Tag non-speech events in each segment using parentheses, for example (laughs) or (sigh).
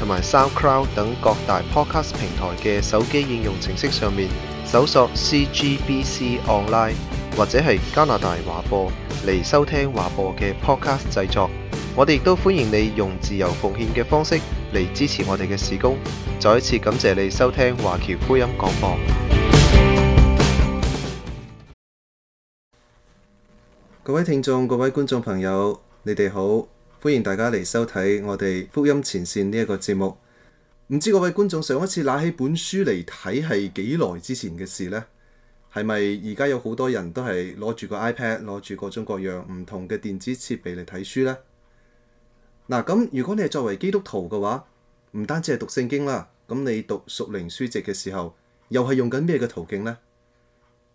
同埋 SoundCloud 等各大 Podcast 平台嘅手機應用程式上面，搜索 CGBC Online 或者係加拿大華播嚟收聽華播嘅 Podcast 製作。我哋亦都歡迎你用自由奉獻嘅方式嚟支持我哋嘅事工。再一次感謝你收聽華僑福音廣播。各位聽眾、各位觀眾朋友，你哋好。歡迎大家嚟收睇我哋福音前線呢一個節目。唔知各位觀眾上一次拿起本書嚟睇係幾耐之前嘅事呢？係咪而家有好多人都係攞住個 iPad，攞住各種各樣唔同嘅電子設備嚟睇書呢？嗱，咁如果你係作為基督徒嘅話，唔單止係讀聖經啦，咁你讀屬靈書籍嘅時候，又係用緊咩嘅途徑呢？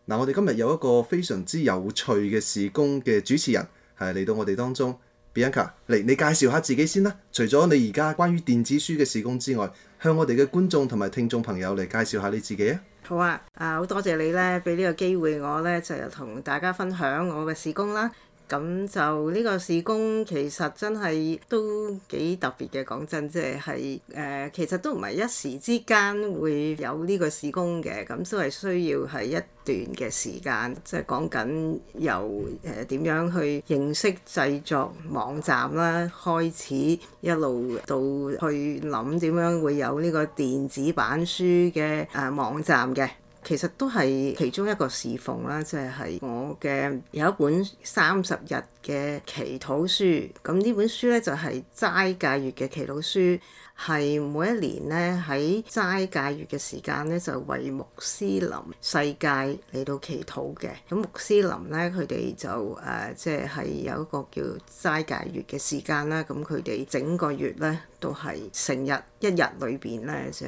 嗱，我哋今日有一個非常之有趣嘅事工嘅主持人係嚟到我哋當中。Bianca，嚟你介紹下自己先啦。除咗你而家關於電子書嘅事工之外，向我哋嘅觀眾同埋聽眾朋友嚟介紹下你自己啊。好啊，啊好多謝你咧，俾呢個機會我咧就同大家分享我嘅事工啦。咁就呢個事工其實真係都幾特別嘅，講真即係係誒，其實都唔係一時之間會有呢個事工嘅，咁都係需要係一段嘅時間，即係講緊由誒點樣去認識製作網站啦，開始一路到去諗點樣會有呢個電子版書嘅誒網站嘅。其實都係其中一個侍奉啦，即係我嘅有一本三十日嘅祈禱書。咁呢本書呢，就係齋戒月嘅祈禱書，係每一年呢，喺齋戒月嘅時間呢，就為穆斯林世界嚟到祈禱嘅。咁穆斯林呢，佢哋就誒即係有一個叫齋戒月嘅時間啦。咁佢哋整個月呢，都係成日一日裏邊呢就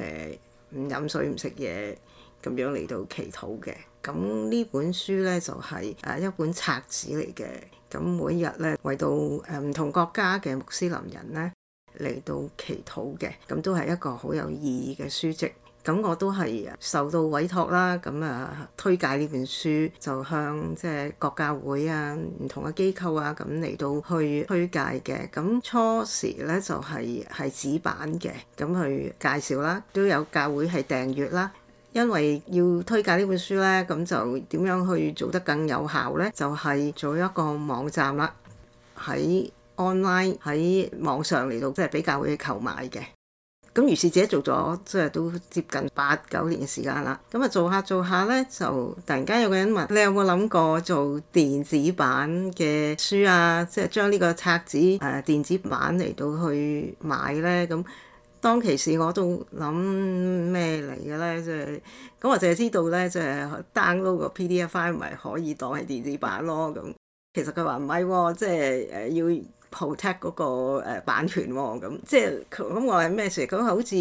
唔飲水，唔食嘢。咁樣嚟到祈禱嘅，咁呢本書呢就係、是、誒一本冊子嚟嘅，咁每一日呢，為到誒唔同國家嘅穆斯林人呢嚟到祈禱嘅，咁都係一個好有意義嘅書籍。咁我都係受到委託啦，咁啊推介呢本書就向即係各教會啊、唔同嘅機構啊咁嚟到去推介嘅。咁初時呢就係係紙版嘅，咁去介紹啦，都有教會係訂閱啦。因為要推介呢本書呢，咁就點樣去做得更有效呢？就係、是、做一個網站啦，喺 online 喺網上嚟到，即係俾教會去購買嘅。咁於是自己做咗，即係都接近八九年嘅時間啦。咁啊做下做下呢，就突然間有個人問：你有冇諗過做電子版嘅書啊？即係將呢個冊子誒、啊、電子版嚟到去買呢？」咁當其時我都諗咩嚟嘅咧？就係咁，我淨係知道咧，就 download 個 PDF 咪可以當係電子版咯。咁其實佢話唔係喎，即係誒要 protect 嗰個誒版權喎。咁即係咁我係咩事？咁好似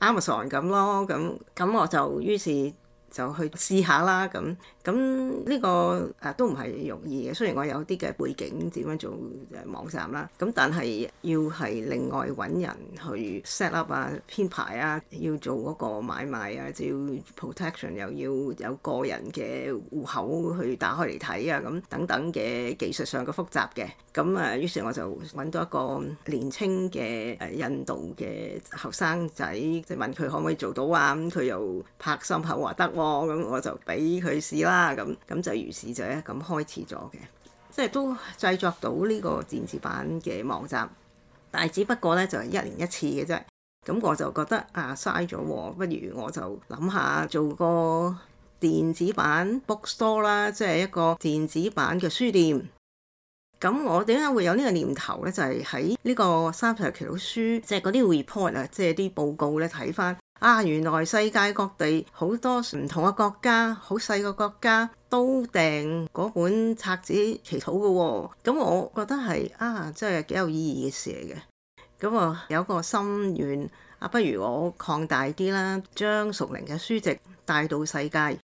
Amazon 咁咯，咯。咁咁我就於是就去試下啦。咁。咁呢、個誒、啊、都唔係容易嘅，雖然我有啲嘅背景點樣做誒、啊、網站啦，咁、啊、但係要係另外揾人去 set up 啊、編排啊，要做嗰個買賣啊，就要 protection，又、啊、要有個人嘅戶口去打開嚟睇啊，咁等等嘅技術上嘅複雜嘅，咁誒於是我就揾到一個年青嘅誒印度嘅後生仔，即係問佢可唔可以做到啊？咁佢又拍心口話得喎，咁、啊、我就俾佢試啦。啊，咁咁就如是就咧咁開始咗嘅，即係都製作到呢個電子版嘅網站，但係只不過咧就係、是、一年一次嘅啫。咁我就覺得啊嘥咗，不如我就諗下做個電子版 bookstore 啦，即係一個電子版嘅書店。咁我點解會有呢個念頭咧？就係喺呢個三十日嘅書，即係啲 report 啊，即係啲報告咧睇翻。就是啊！原來世界各地好多唔同嘅國家，好細個國家都訂嗰本冊子祈禱嘅喎。咁、嗯、我覺得係啊，真係幾有意義嘅事嚟嘅。咁、嗯、啊，我有個心願啊，不如我擴大啲啦，將屬靈嘅書籍帶到世界，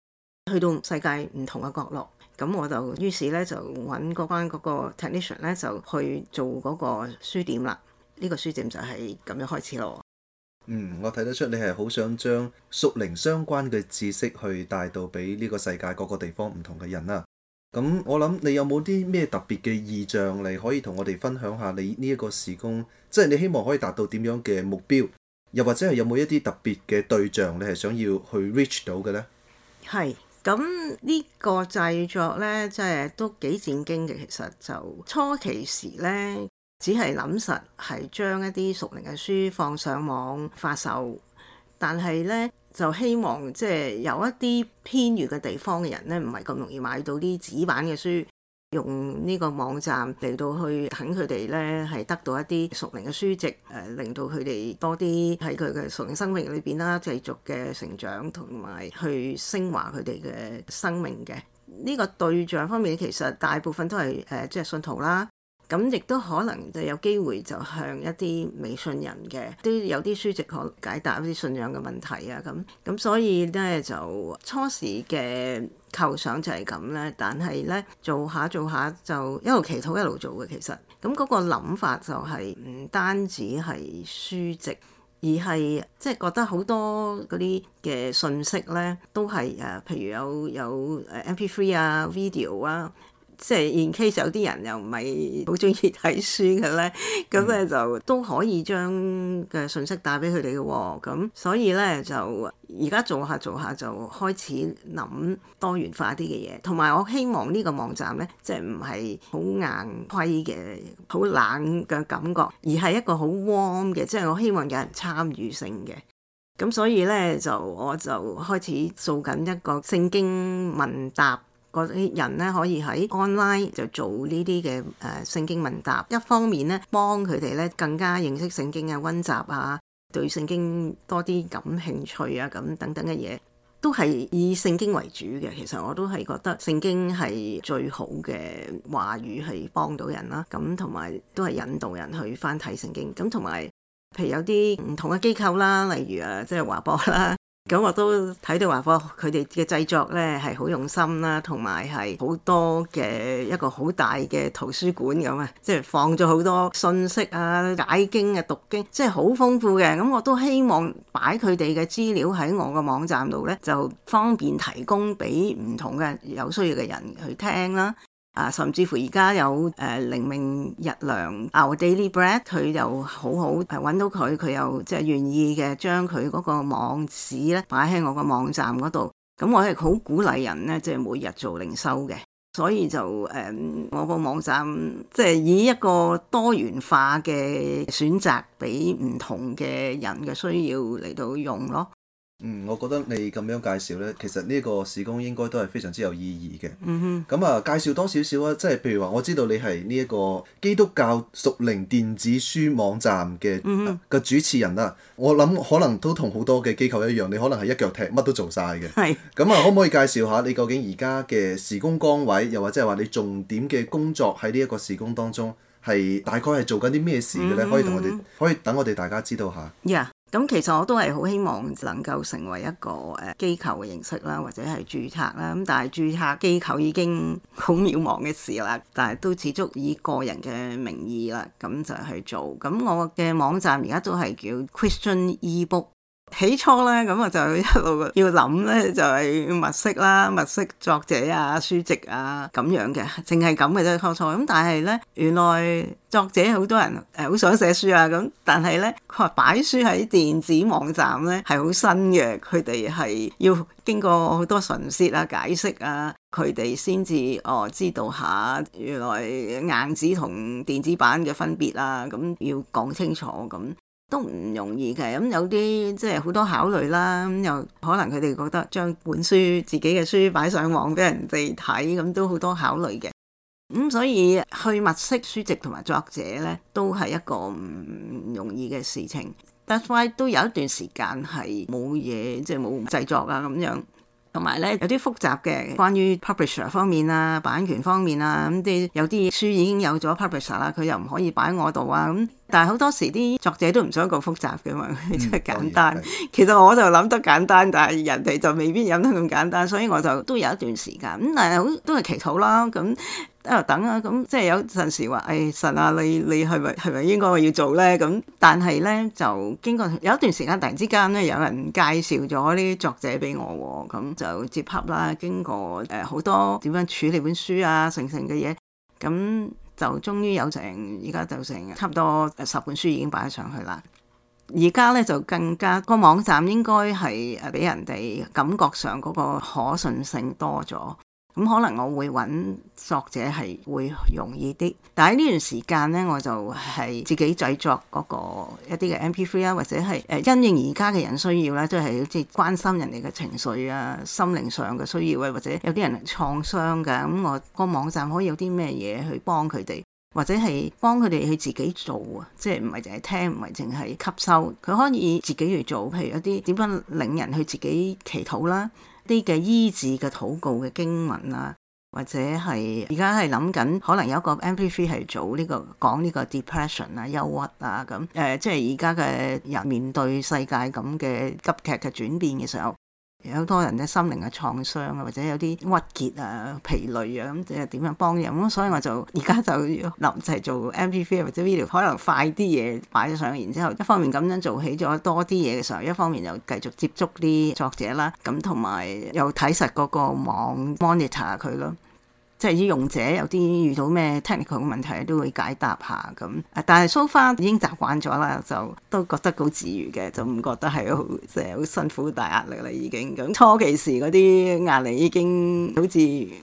去到世界唔同嘅角落。咁、嗯、我就於是咧就揾嗰班嗰個 technician 咧就去做嗰個書店啦。呢、這個書店就係咁樣開始咯。嗯，我睇得出你係好想將屬靈相關嘅知識去帶到俾呢個世界各個地方唔同嘅人啦。咁我諗你有冇啲咩特別嘅意象嚟可以同我哋分享下你呢一個時空，即係你希望可以達到點樣嘅目標，又或者係有冇一啲特別嘅對象你係想要去 reach 到嘅呢？係，咁呢個製作呢，即係都幾戰驚嘅。其實就初期時呢。只係諗實係將一啲屬靈嘅書放上網發售，但係呢就希望即係有一啲偏遠嘅地方嘅人呢，唔係咁容易買到啲紙版嘅書，用呢個網站嚟到去等佢哋呢，係得到一啲屬靈嘅書籍，誒、呃、令到佢哋多啲喺佢嘅屬靈生命裏邊啦，繼續嘅成長同埋去升華佢哋嘅生命嘅呢、呢個對象方面，其實大部分都係誒、呃、即係信徒啦。咁亦都可能就有機會就向一啲未信人嘅，都有啲書籍可解答一啲信仰嘅問題啊。咁咁所以咧就初時嘅構想就係咁咧，但係咧做下做下就一路祈禱一路做嘅其實，咁、那、嗰個諗法就係唔單止係書籍，而係即係覺得好多嗰啲嘅信息咧都係誒，譬如有有誒 MP3 啊、video 啊。即係 in case 有啲人又唔係好中意睇書嘅咧，咁 (laughs) 咧、嗯、就都可以將嘅信息打俾佢哋嘅喎。咁所以咧就而家做下做下就開始諗多元化啲嘅嘢，同埋我希望呢個網站咧即係唔係好硬規嘅、好冷嘅感覺，而係一個好 warm 嘅，即係我希望有人參與性嘅。咁所以咧就我就開始做緊一個聖經問答。人咧可以喺 online 就做呢啲嘅誒聖經問答，一方面咧幫佢哋咧更加認識聖經嘅溫習啊，對聖經多啲感興趣啊，咁等等嘅嘢，都係以聖經為主嘅。其實我都係覺得聖經係最好嘅話語，係幫到人啦。咁同埋都係引導人去翻睇聖經。咁同埋譬如有啲唔同嘅機構啦、啊，例如誒、啊、即係華播啦。啊。咁我都睇到話，佢哋嘅製作咧係好用心啦，同埋係好多嘅一個好大嘅圖書館咁啊，即係放咗好多信息啊、解經啊、讀經，即係好豐富嘅。咁我都希望擺佢哋嘅資料喺我個網站度咧，就方便提供俾唔同嘅有需要嘅人去聽啦。啊，甚至乎而家有誒，靈、呃、命日糧 o Daily Bread），佢又好好誒，到佢，佢又即係願意嘅，將佢嗰個網址咧擺喺我個網站嗰度。咁、嗯、我係好鼓勵人咧，即係每日做零售嘅，所以就誒、嗯，我個網站即係以一個多元化嘅選擇，俾唔同嘅人嘅需要嚟到用咯。嗯，我覺得你咁樣介紹呢，其實呢一個事工應該都係非常之有意義嘅。嗯咁啊，介紹多少少啊，即係譬如話，我知道你係呢一個基督教屬靈電子書網站嘅、mm hmm. 啊、個主持人啦。我諗可能都同好多嘅機構一樣，你可能係一腳踢，乜都做晒嘅。係是。咁啊，可唔可以介紹下你究竟而家嘅事工崗位，又或者係話你重點嘅工作喺呢一個事工當中係大概係做緊啲咩事嘅呢、mm hmm. 可？可以同我哋，可以等我哋大家知道下。Yeah. 咁其實我都係好希望能夠成為一個誒機構嘅形式啦，或者係註冊啦。咁但係註冊機構已經好渺茫嘅事啦，但係都始終以個人嘅名義啦，咁就去做。咁我嘅網站而家都係叫 Christian Ebook。Book, 起初呢，咁我就一路要諗呢，就係、是、物色啦，物色作者啊、書籍啊咁樣嘅，淨係咁嘅啫，初初。咁但係呢，原來作者好多人誒好想寫書啊，咁但係呢，佢話擺書喺電子網站呢係好新嘅，佢哋係要經過好多唇舌啊、解釋啊，佢哋先至哦知道下原來硬紙同電子版嘅分別啦、啊，咁、嗯、要講清楚咁。嗯都唔容易嘅，咁有啲即係好多考慮啦，咁又可能佢哋覺得將本書自己嘅書擺上網俾人哋睇，咁都好多考慮嘅，咁、嗯、所以去物色書籍同埋作者呢，都係一個唔容易嘅事情。但係都有一段時間係冇嘢，即係冇製作啊，咁樣。同埋咧，有啲複雜嘅，關於 publisher 方面啊，版權方面啊，咁啲有啲書已經有咗 publisher 啦，佢又唔可以擺我度啊，咁但係好多時啲作者都唔想咁複雜嘅嘛，即係、嗯、 (laughs) 簡單。其實我就諗得簡單，但係人哋就未必諗得咁簡單，所以我就都有一段時間咁，但係好都係祈禱啦，咁。喺度等啊，咁即係有陣時話：，誒、哎、神啊，你你係咪係咪應該我要做咧？咁但係咧就經過有一段時間，突然之間咧有人介紹咗啲作者俾我，咁就接洽啦。經過誒好多點樣處理本書啊，成成嘅嘢，咁就終於有成而家就成差唔多十本書已經擺上去啦。而家咧就更加、個網站應該係誒俾人哋感覺上嗰個可信性多咗。咁可能我會揾作者係會容易啲，但喺呢段時間咧，我就係自己製作嗰個一啲嘅 MP3 啊，或者係誒因應而家嘅人需要咧，即係即係關心人哋嘅情緒啊、心靈上嘅需要啊，或者有啲人創傷嘅，咁我個網站可以有啲咩嘢去幫佢哋，或者係幫佢哋去自己做啊，即係唔係淨係聽，唔係淨係吸收，佢可以自己去做，譬如一啲點樣領人去自己祈禱啦。啲嘅醫治嘅禱告嘅經文啊，或者係而家係諗緊，可能有一個 MP3 係做呢個講呢個 depression 啊、憂鬱啊咁誒、呃，即係而家嘅人面對世界咁嘅急劇嘅轉變嘅時候。有好多人嘅心靈嘅創傷啊，或者有啲鬱結啊、疲累啊，咁即係點樣幫人咁？所以我就而家就立制做 MP3、啊、或者 video，可能快啲嘢擺咗上，然之後一方面咁樣做起咗多啲嘢嘅時候，一方面又繼續接觸啲作者啦，咁同埋又睇實嗰個網 monitor 佢咯。即係使用者有啲遇到咩 technical 嘅問題，都會解答下咁。但係蘇花已經習慣咗啦，就都覺得好自如嘅，就唔覺得係好即係好辛苦大壓力啦已經咁。初期時嗰啲壓力已經好似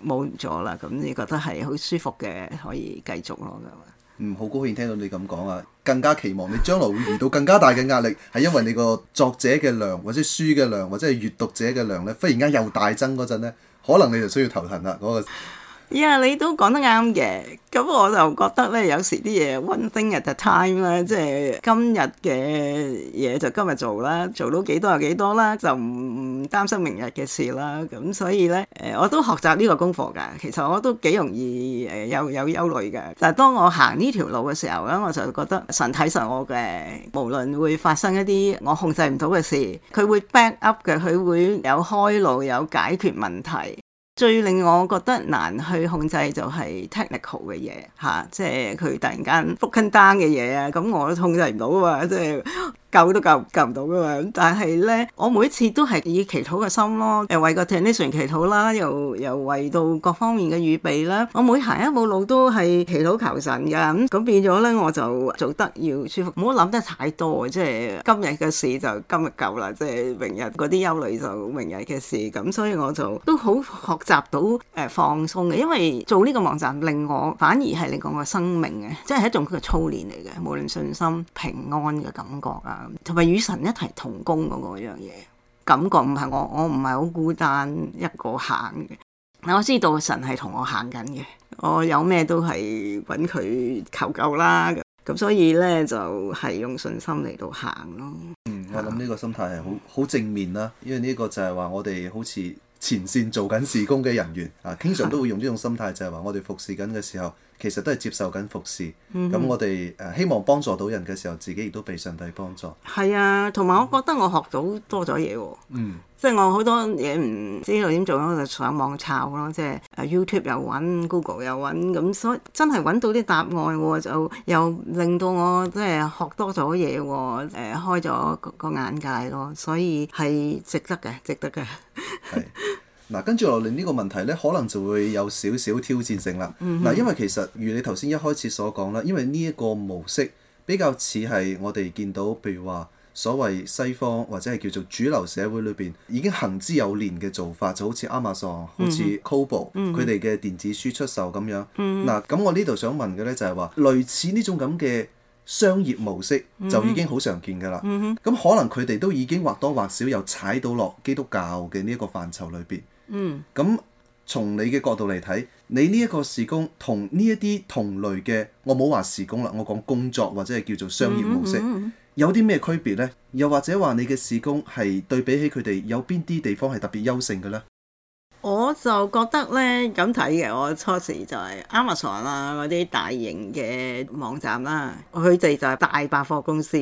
冇咗啦，咁你覺得係好舒服嘅，可以繼續咯咁。嗯，好高興聽到你咁講啊！更加期望你將來會遇到更加大嘅壓力，係 (laughs) 因為你個作者嘅量或者書嘅量或者係閱讀者嘅量咧，忽然間又大增嗰陣咧，可能你就需要頭痕啦嗰、那個呀，yeah, 你都講得啱嘅，咁我就覺得咧，有時啲嘢 one thing at a time 咧，即係今日嘅嘢就今日做啦，做到幾多就幾多啦，就唔唔擔心明日嘅事啦。咁所以咧，誒我都學習呢個功課㗎。其實我都幾容易誒有有憂慮嘅，但係當我行呢條路嘅時候咧，我就覺得神睇實我嘅，無論會發生一啲我控制唔到嘅事，佢會 back up 嘅，佢會有開路有解決問題。最令我覺得難去控制就係 technical 嘅嘢吓、啊，即係佢突然間 broken down 嘅嘢啊，咁我都控制唔到啊即係。救都救救唔到噶嘛？但係咧，我每次都係以祈禱嘅心咯，誒為個 translation 祈禱啦，又又為到各方面嘅預備啦。我每行一步路都係祈禱求神嘅咁，咁變咗咧我就做得要舒服，唔好諗得太多，即係今日嘅事就今日夠啦，即係明日嗰啲憂慮就明日嘅事。咁所以我就都好學習到誒放鬆嘅，因為做呢個網站令我反而係令我嘅生命嘅，即係一種佢嘅操練嚟嘅。無論信心平安嘅感覺啊～同埋與神一齊同工嗰個樣嘢，感覺唔係我，我唔係好孤單一個行嘅。我知道神係同我行緊嘅，我有咩都係揾佢求救啦。咁所以呢，就係用信心嚟到行咯。嗯，我諗呢個心態係好好正面啦，因為呢個就係話我哋好似，前線做緊事工嘅人員啊，經常都會用呢種心態，的就係話我哋服侍緊嘅時候，其實都係接受緊服侍。咁、嗯、哼我哋誒、呃、希望幫助到人嘅時候，自己亦都被上帝幫助。係啊，同埋我覺得我學到多咗嘢喎。嗯。即係我好多嘢唔知道點做，我就上網抄咯。即係 YouTube 又揾，Google 又揾，咁所以真係揾到啲答案喎，就又令到我即係學多咗嘢，誒、呃、開咗個、個眼界咯。所以係值得嘅，值得嘅。係 (laughs) 嗱，跟住落嚟呢個問題呢，可能就會有少少挑戰性啦。嗱、mm hmm.，因為其實如你頭先一開始所講啦，因為呢一個模式比較似係我哋見到，譬如話，所謂西方或者係叫做主流社會裏邊已經行之有年嘅做法，就好似 Amazon、mm、hmm. 好似 Kobo 佢哋嘅電子書出售咁樣。嗱、mm，咁、hmm. 我呢度想問嘅呢，就係話，類似呢種咁嘅商業模式就已經好常見㗎啦。咁、mm hmm. 可能佢哋都已經或多或少又踩到落基督教嘅呢一個範疇裏邊。咁、mm hmm. 從你嘅角度嚟睇，你呢一個事工同呢一啲同類嘅，我冇話事工啦，我講工作或者係叫做商業模式。Mm hmm. 有啲咩區別呢？又或者話你嘅事工係對比起佢哋有邊啲地方係特別優勝嘅呢？我就覺得呢，咁睇嘅，我初時就係 Amazon 啊嗰啲大型嘅網站啦，佢哋就係大百貨公司。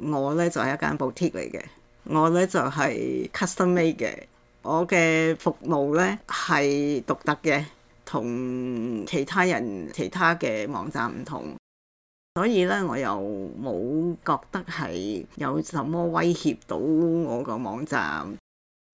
我呢就係、是、一間 boutique 嚟嘅，我呢就係、是、custom made 嘅，我嘅服務呢係獨特嘅，同其他人其他嘅網站唔同。所以咧，我又冇覺得係有什麼威脅到我個網站。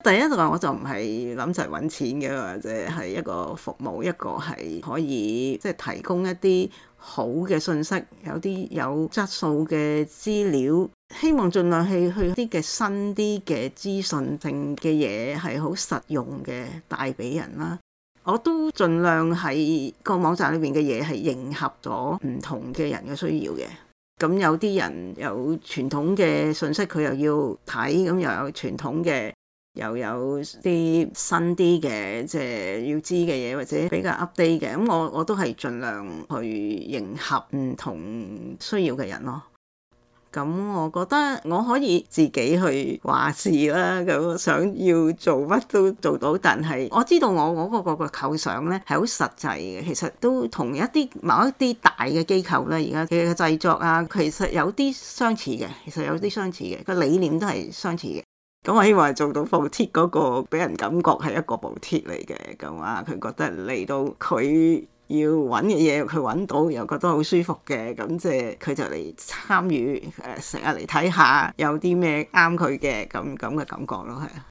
第一就係我就唔係諗就揾錢嘅，或者係一個服務，一個係可以即係、就是、提供一啲好嘅信息，有啲有質素嘅資料，希望盡量去去啲嘅新啲嘅資訊性嘅嘢，係好實用嘅，帶俾人啦。我都盡量喺個網站裏邊嘅嘢係迎合咗唔同嘅人嘅需要嘅，咁有啲人有傳統嘅信息佢又要睇，咁又有傳統嘅，又有啲新啲嘅，即係要知嘅嘢或者比較 update 嘅，咁我我都係盡量去迎合唔同需要嘅人咯。咁、嗯、我覺得我可以自己去話事啦，咁、嗯、想要做乜都做到。但係我知道我嗰個個個構想呢係好實際嘅，其實都同一啲某一啲大嘅機構呢，而家嘅製作啊，其實有啲相似嘅，其實有啲相似嘅個理念都係相似嘅。咁、嗯、我希望係做到補貼嗰個俾人感覺係一個補貼嚟嘅，咁啊佢覺得嚟到佢。要揾嘅嘢佢揾到又覺得好舒服嘅，咁即係佢就嚟參與，誒成日嚟睇下有啲咩啱佢嘅，咁咁嘅感覺咯，係啊。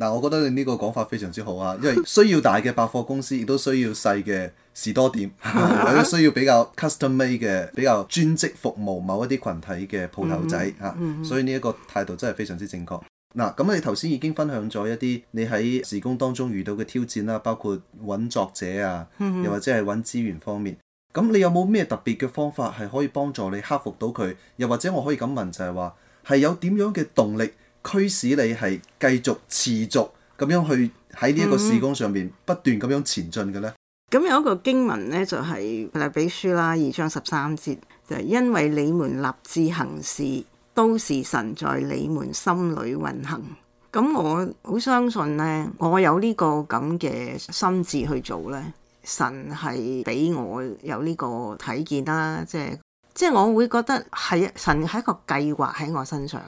嗱，我覺得你呢個講法非常之好啊，因為需要大嘅百貨公司，亦都需要細嘅士多店，有 (laughs) 需要比較 custom made 嘅，比較專職服務某一啲群體嘅鋪頭仔啊， (laughs) 所以呢一個態度真係非常之正確。嗱，咁你頭先已經分享咗一啲你喺事工當中遇到嘅挑戰啦，啊，包括揾作者啊，又或者係揾資源方面。咁你有冇咩特別嘅方法係可以幫助你克服到佢？又或者我可以咁問就，就係話係有點樣嘅動力驅使你係繼續持續咁樣去喺呢一個事工上面不斷咁樣前進嘅呢？咁有一個經文呢，就係腓立比書啦，二章十三節，就係，因為你們立志行事。都是神在你們心裏運行。咁我好相信咧，我有呢個咁嘅心智去做咧，神係俾我有呢個睇見啦，即係即係我會覺得係神係一個計劃喺我身上。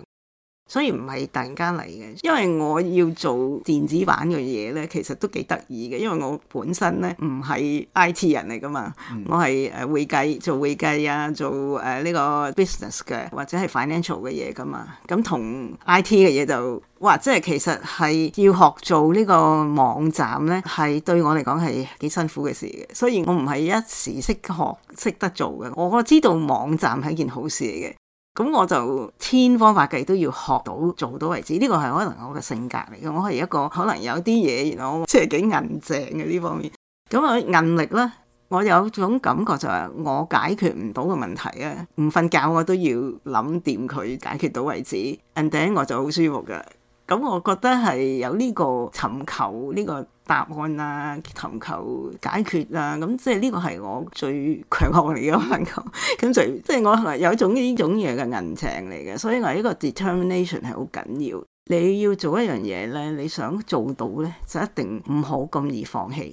所以唔係突然間嚟嘅，因為我要做電子版嘅嘢咧，其實都幾得意嘅。因為我本身咧唔係 IT 人嚟噶嘛，嗯、我係誒會計做會計啊，做誒、啊、呢、呢個 business 嘅或者係 financial 嘅嘢噶嘛。咁同 IT 嘅嘢就哇，即係其實係要學做呢個網站咧，係對我嚟講係幾辛苦嘅事嘅。所以我唔係一時識學識得做嘅，我知道網站係件好事嚟嘅。咁我就千方百計都要學到做到為止，呢個係可能我嘅性格嚟嘅。我係一個可能有啲嘢，然後即係幾硬正嘅呢方面。咁我硬力咧，我有種感覺就係我解決唔到嘅問題啊，唔瞓覺我都要諗掂佢解決到為止 and then 我就好舒服嘅。咁我覺得係有呢個尋求呢個答案啊，尋求解決啊。咁即係呢個係我最強項嚟嘅一個，跟住即係我係有一種呢種嘢嘅銀情嚟嘅，所以話呢個 determination 係好緊要。你要做一樣嘢咧，你想做到咧，就一定唔好咁易放棄。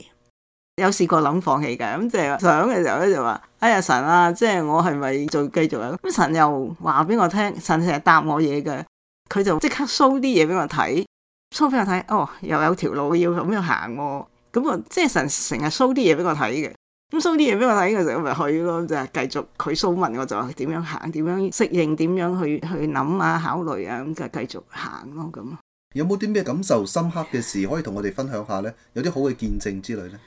有試過諗放棄㗎，咁即係想嘅時候咧就話：哎呀神啊，即係我係咪就繼續啊？咁神又話俾我聽，神成日答我嘢嘅，佢就即刻 show 啲嘢俾我睇。蘇俾我睇，哦，又有條路要咁樣行喎，咁啊，我即係神成日蘇啲嘢俾我睇嘅，咁蘇啲嘢俾我睇，我成日咪去咯，就係繼續佢蘇問我就話點樣行，點樣適應，點樣去去諗啊考慮啊，咁、啊、就繼續行咯，咁啊。有冇啲咩感受深刻嘅事可以同我哋分享下咧？有啲好嘅見證之類咧？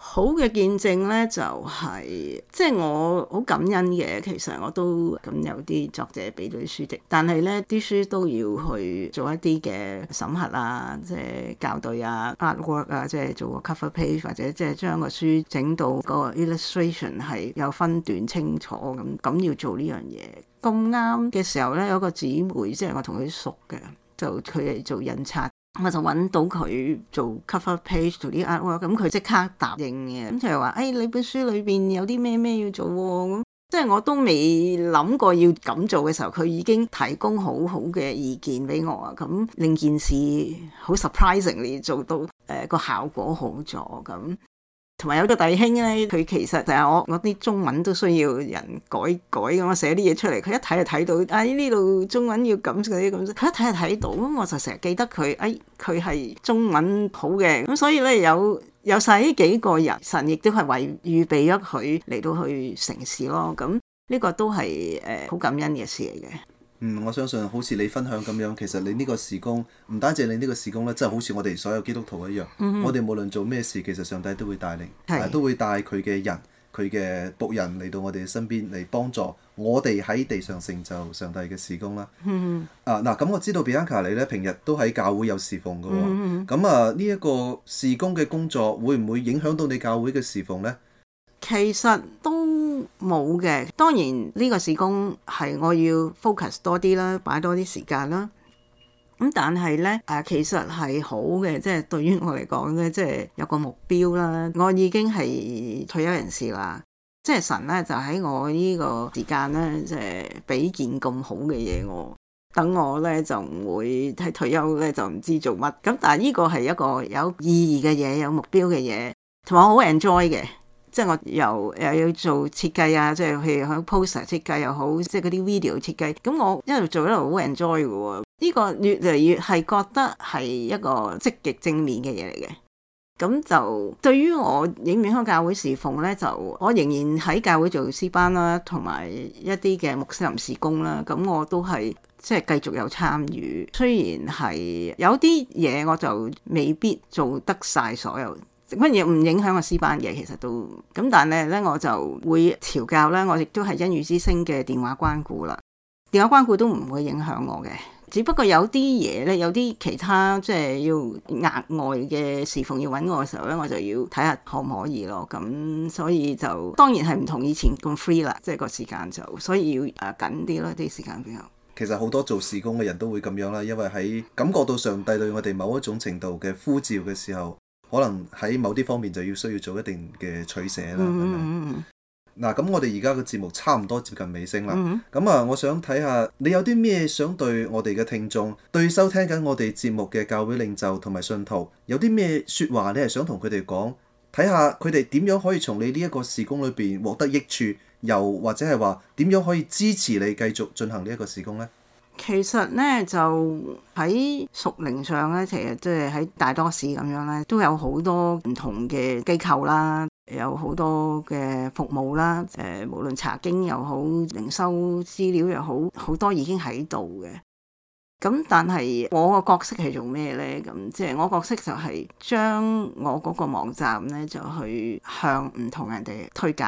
好嘅見證咧，就係、是、即係我好感恩嘅。其實我都咁、嗯、有啲作者俾咗啲書籍，但係咧啲書都要去做一啲嘅審核啊，即係校對啊、artwork 啊，即係做個 cover page 或者即係將個書整到個 illustration 係有分段清楚咁，咁、嗯、要做呢樣嘢。咁啱嘅時候咧，有個姊妹即係我同佢熟嘅，就佢係做印刷。我就揾到佢做 cover page 嗰啲 artwork 咁佢即刻答應嘅，咁就話誒、哎、你本書裏邊有啲咩咩要做咁、哦，即係我都未諗過要咁做嘅時候，佢已經提供好好嘅意見俾我啊，咁令件事好 surprising 地做到誒、呃、個效果好咗咁。同埋有個弟兄咧，佢其實就係我我啲中文都需要人改改咁啊，寫啲嘢出嚟，佢一睇就睇到，哎，呢度中文要咁，佢一睇就睇到，咁我就成日記得佢，哎，佢係中文好嘅，咁所以咧有有晒呢幾個人，神亦都係為預備咗佢嚟到去成事咯，咁呢個都係誒好感恩嘅事嚟嘅。嗯，我相信好似你分享咁樣，其實你呢個事工，唔單止你呢個事工咧，真係好似我哋所有基督徒一樣，mm hmm. 我哋無論做咩事，其實上帝都會帶領，是都會帶佢嘅人、佢嘅僕人嚟到我哋嘅身邊嚟幫助我哋喺地上成就上帝嘅事工啦。Mm hmm. 啊，嗱，咁我知道 Bianca 你咧平日都喺教會有事奉嘅喎，咁、mm hmm. 啊呢一、這個事工嘅工作會唔會影響到你教會嘅事奉呢？其實都冇嘅，當然呢個事工係我要 focus 多啲啦，擺多啲時間啦。咁但係呢，誒、啊、其實係好嘅，即係對於我嚟講呢，即係有個目標啦。我已經係退休人士啦，即係神呢就喺我呢個時間呢，即係俾件咁好嘅嘢我。等我呢，就唔會喺退休呢，就唔知做乜。咁但係呢個係一個有意義嘅嘢，有目標嘅嘢，同埋我好 enjoy 嘅。即係我又又要做設計啊，即係譬如喺 poster 設計又好，即係嗰啲 video 設計。咁我一路做一路好 enjoy 嘅。呢個越嚟越係覺得係一個積極正面嘅嘢嚟嘅。咁就對於我影院喺教會侍奉咧，就我仍然喺教會做師班啦，同埋一啲嘅穆斯林事工啦。咁我都係即係繼續有參與，雖然係有啲嘢我就未必做得晒所有。乜嘢唔影響我私班嘅，其實都咁，但係咧，我就會調教啦。我亦都係恩語之聲嘅電話關顧啦。電話關顧都唔會影響我嘅，只不過有啲嘢咧，有啲其他即係要額外嘅侍奉要揾我嘅時候咧，我就要睇下可唔可以咯。咁所以就當然係唔同以前咁 free 啦，即係個時間就所以要誒緊啲咯，啲時間比較。其實好多做事工嘅人都會咁樣啦，因為喺感覺到上帝對我哋某一種程度嘅呼召嘅時候。可能喺某啲方面就要需要做一定嘅取捨啦，係咪？嗱，咁 (noise) 我哋而家嘅節目差唔多接近尾聲啦。咁啊， (noise) 我想睇下你有啲咩想對我哋嘅聽眾對收聽緊我哋節目嘅教會領袖同埋信徒有啲咩說話，你係想同佢哋講，睇下佢哋點樣可以從你呢一個事工裏邊獲得益處，又或者係話點樣可以支持你繼續進行呢一個事工呢？其實呢，就喺屬靈上呢，其實即係喺大多市咁樣呢，都有好多唔同嘅機構啦，有好多嘅服務啦。誒、呃，無論查經又好，靈修資料又好，好多已經喺度嘅。咁但係我個角色係做咩呢？咁即係我角色就係將我嗰個網站呢，就去向唔同人哋推介。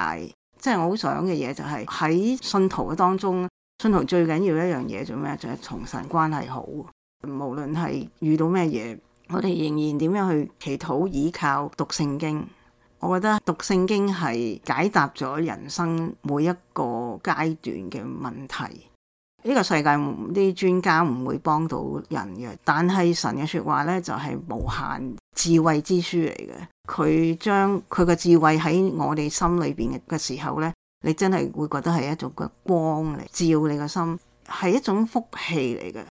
即係我好想嘅嘢就係喺信徒嘅當中。信徒最緊要一樣嘢做咩？就係同神關係好，無論係遇到咩嘢，我哋仍然點樣去祈禱、倚靠、讀聖經。我覺得讀聖經係解答咗人生每一個階段嘅問題。呢個世界啲專家唔會幫到人嘅，但係神嘅說話呢，就係無限智慧之書嚟嘅。佢將佢嘅智慧喺我哋心裏邊嘅時候呢。你真係會覺得係一種嘅光嚟，照你個心，係一種福氣嚟嘅。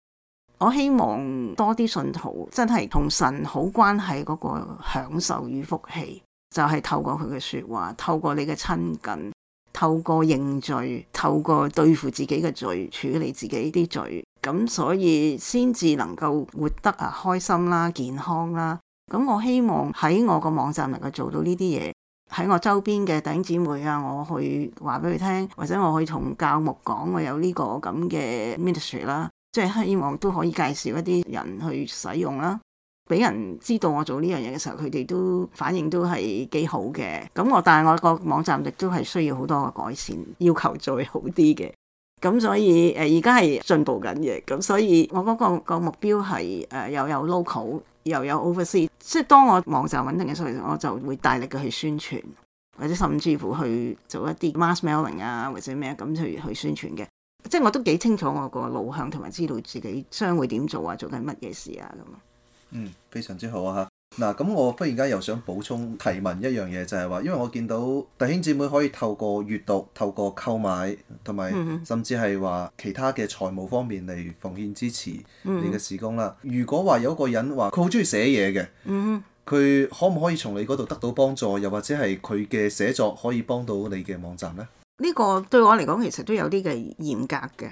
我希望多啲信徒真係同神好關係嗰個享受與福氣，就係透過佢嘅說話，透過你嘅親近，透過認罪，透過對付自己嘅罪，處理自己啲罪，咁所以先至能夠活得啊開心啦，健康啦。咁我希望喺我個網站能夠做到呢啲嘢。喺我周邊嘅弟兄姊妹啊，我去話俾佢聽，或者我去同教牧講我有呢個咁嘅 ministry 啦，即係希望都可以介紹一啲人去使用啦，俾人知道我做呢樣嘢嘅時候，佢哋都反應都係幾好嘅。咁我但係我個網站亦都係需要好多嘅改善，要求再好啲嘅。咁所以誒，而家係進步緊嘅。咁所以我嗰、嗰個個目標係誒又有 local。又有 oversight 即係當我網站穩定嘅時候，我就會大力嘅去宣傳，或者甚至乎去做一啲 mass mailing 啊，或者咩咁去去宣傳嘅。即係我都幾清楚我個路向，同埋知道自己將會點做,做啊，做緊乜嘢事啊咁。嗯，非常之好啊！嗱，咁我忽然間又想補充提問一樣嘢，就係話，因為我見到弟兄姊妹可以透過閱讀、透過購買，同埋甚至係話其他嘅財務方面嚟奉獻支持你嘅事工啦。嗯、如果話有個人話佢好中意寫嘢嘅，佢、嗯、可唔可以從你嗰度得到幫助？又或者係佢嘅寫作可以幫到你嘅網站呢？呢個對我嚟講，其實都有啲嘅嚴格嘅。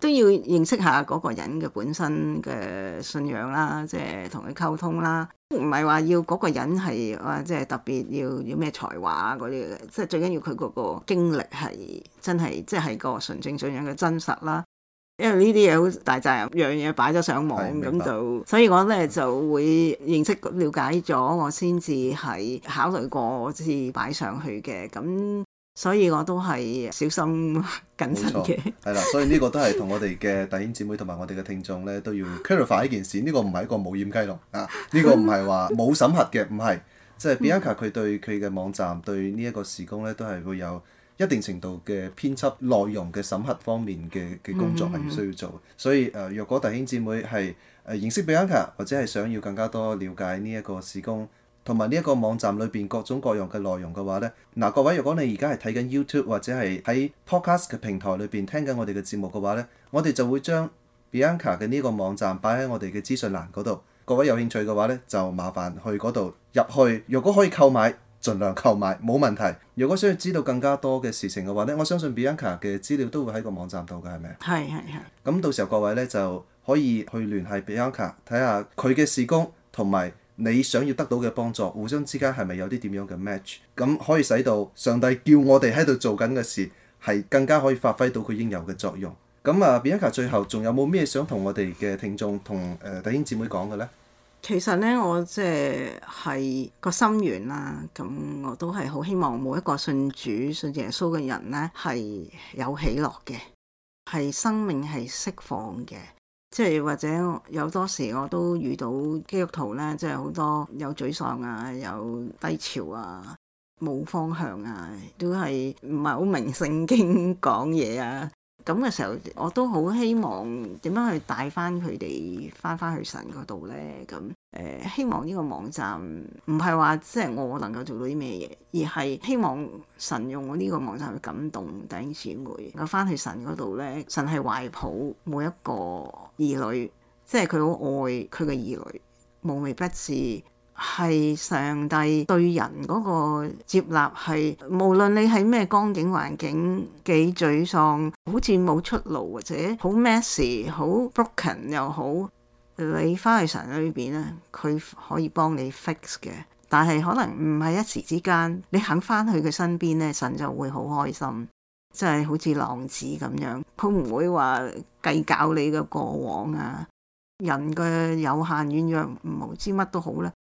都要認識下嗰個人嘅本身嘅信仰啦，即係同佢溝通啦，唔係話要嗰個人係哇，即係特別要要咩才華嗰啲，即係最緊要佢嗰個經歷係真係，即係個純正信仰嘅真實啦。因為呢啲嘢好大責任，樣嘢擺咗上網咁就，所以我咧就會認識了解咗，我先至係考慮過我先擺上去嘅咁。所以我都係小心謹慎嘅，係啦。 (laughs) 所以呢個都係同我哋嘅弟兄姊妹同埋我哋嘅聽眾咧，都要 clarify 呢件事。呢 (laughs) 個唔係一個冇掩雞籠啊，呢、這個唔係話冇審核嘅，唔係即係、就是、Bianca 佢對佢嘅網站 (laughs) 對時呢一個事工咧，都係會有一定程度嘅編輯內容嘅審核方面嘅嘅工作係需要做。 (laughs) 所以誒，若、呃、果弟兄姊妹係誒認識 Bianca 或者係想要更加多了解呢一個事工。同埋呢一個網站裏邊各種各樣嘅內容嘅話呢，嗱、呃、各位如果你而家係睇緊 YouTube 或者係喺 Podcast 嘅平台裏邊聽緊我哋嘅節目嘅話呢，我哋就會將 Bianca 嘅呢個網站擺喺我哋嘅資訊欄嗰度。各位有興趣嘅話呢，就麻煩去嗰度入去。如果可以購買，儘量購買冇問題。如果想要知道更加多嘅事情嘅話呢，我相信 Bianca 嘅資料都會喺個網站度嘅，係咪？係係係。咁到時候各位呢，就可以去聯繫 Bianca 睇下佢嘅事工同埋，你想要得到嘅幫助，互相之間係咪有啲點樣嘅 match？咁可以使到上帝叫我哋喺度做緊嘅事，係更加可以發揮到佢應有嘅作用。咁啊 Bianca，最後仲有冇咩想同我哋嘅聽眾同誒、呃、弟兄姊妹講嘅呢？其實呢，我即係係個心願啦、啊。咁我都係好希望每一個信主、信耶穌嘅人呢係有喜樂嘅，係生命係釋放嘅。即係或者有多時我都遇到基督徒呢，即係好多有沮喪啊，有低潮啊，冇方向啊，都係唔係好明聖經講嘢 (laughs) 啊。咁嘅時候，我都好希望點樣去帶翻佢哋翻翻去神嗰度呢？咁誒、呃，希望呢個網站唔係話即係我能夠做到啲咩嘢，而係希望神用我呢個網站去感動弟兄姊妹、帶引、傳播，然後翻去神嗰度呢，神係懷抱每一個兒女，即係佢好愛佢嘅兒女，無微不至。係上帝對人嗰個接納係，無論你喺咩光景環境幾沮喪，好似冇出路或者好 messy、好 broken 又好，你翻去神裏邊咧，佢可以幫你 fix 嘅。但係可能唔係一時之間，你肯翻去佢身邊咧，神就會好開心，即係好似浪子咁樣，佢唔會話計較你嘅過往啊，人嘅有限軟弱無知乜都好啦。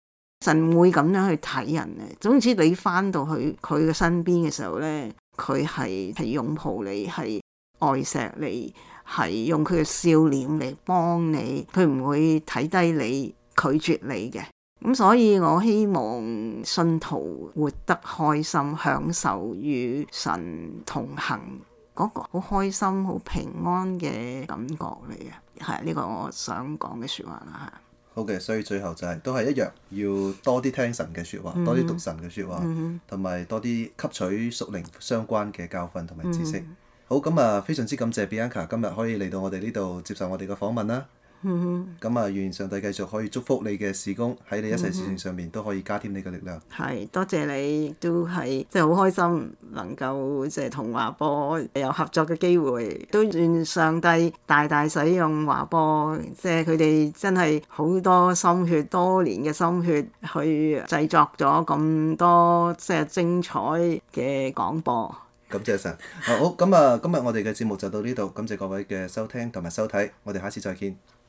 神會咁樣去睇人嘅，總之你翻到去佢嘅身邊嘅時候咧，佢係係擁抱你，係愛錫你，係用佢嘅笑臉嚟幫你，佢唔會睇低你，拒絕你嘅。咁所以我希望信徒活得開心，享受與神同行嗰個好開心、好平安嘅感覺嚟嘅，係呢個我想講嘅說話啦吓。嘅，okay，所以最後就係、是、都係一樣，要多啲聽神嘅説話，嗯、多啲讀神嘅説話，同埋、嗯、多啲吸取屬靈相關嘅教訓同埋知識。嗯、好，咁啊，非常之感謝 Bianca 今日可以嚟到我哋呢度接受我哋嘅訪問啦。嗯哼，咁啊、嗯哼，願上帝繼續可以祝福你嘅事工，喺你一切事情上面都、嗯、哼可以加添你嘅力量。係，多謝你，都係即係好開心，能夠即係同華播有合作嘅機會，都願上帝大大使用華播，即係佢哋真係好多心血、多年嘅心血去製作咗咁多即係精彩嘅廣播。感謝神， (laughs) 好，咁啊，今日我哋嘅節目就到呢度，感謝各位嘅收聽同埋收睇，我哋下次再見。